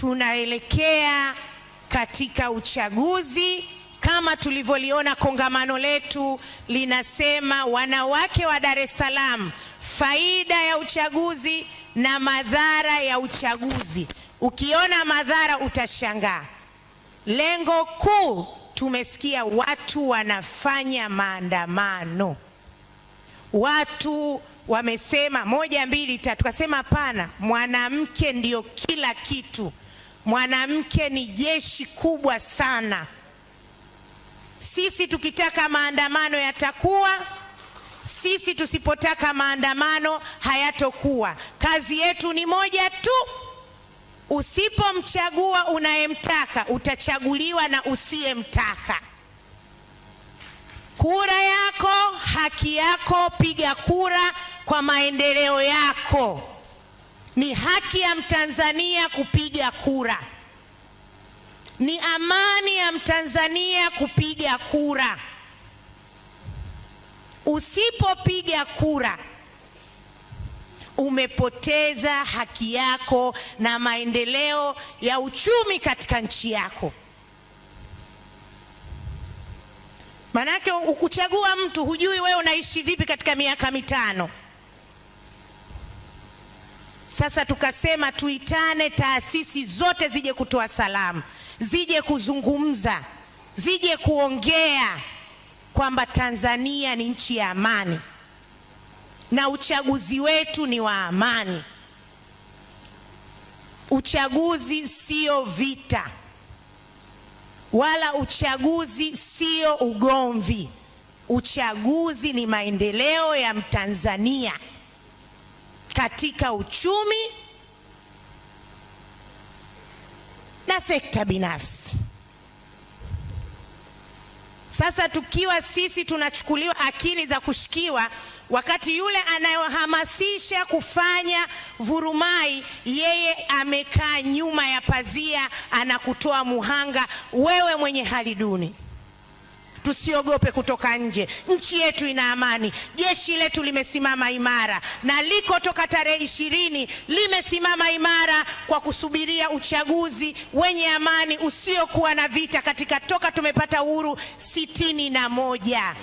tunaelekea katika uchaguzi kama tulivyoliona kongamano letu linasema, wanawake wa Dar es Salaam, faida ya uchaguzi na madhara ya uchaguzi. Ukiona madhara utashangaa. Lengo kuu, tumesikia watu wanafanya maandamano, watu wamesema moja, mbili, tatu. Tukasema hapana, mwanamke ndiyo kila kitu, mwanamke ni jeshi kubwa sana. Sisi tukitaka maandamano yatakuwa, sisi tusipotaka maandamano hayatokuwa. Kazi yetu ni moja tu, usipomchagua unayemtaka utachaguliwa na usiyemtaka. Kura yako haki yako, piga kura kwa maendeleo yako. Ni haki ya Mtanzania kupiga kura, ni amani ya Mtanzania kupiga kura. Usipopiga kura umepoteza haki yako na maendeleo ya uchumi katika nchi yako. Manake ukuchagua mtu hujui wewe unaishi vipi katika miaka mitano. Sasa tukasema tuitane taasisi zote zije kutoa salamu, zije kuzungumza, zije kuongea kwamba Tanzania ni nchi ya amani na uchaguzi wetu ni wa amani. Uchaguzi sio vita, wala uchaguzi sio ugomvi. Uchaguzi ni maendeleo ya Mtanzania katika uchumi na sekta binafsi. Sasa tukiwa sisi tunachukuliwa akili za kushikiwa, wakati yule anayohamasisha kufanya vurumai, yeye amekaa nyuma ya pazia, anakutoa muhanga wewe mwenye hali duni tusiogope kutoka nje. Nchi yetu ina amani, jeshi letu limesimama imara na liko toka tarehe ishirini limesimama imara kwa kusubiria uchaguzi wenye amani usiokuwa na vita katika toka tumepata uhuru sitini na moja.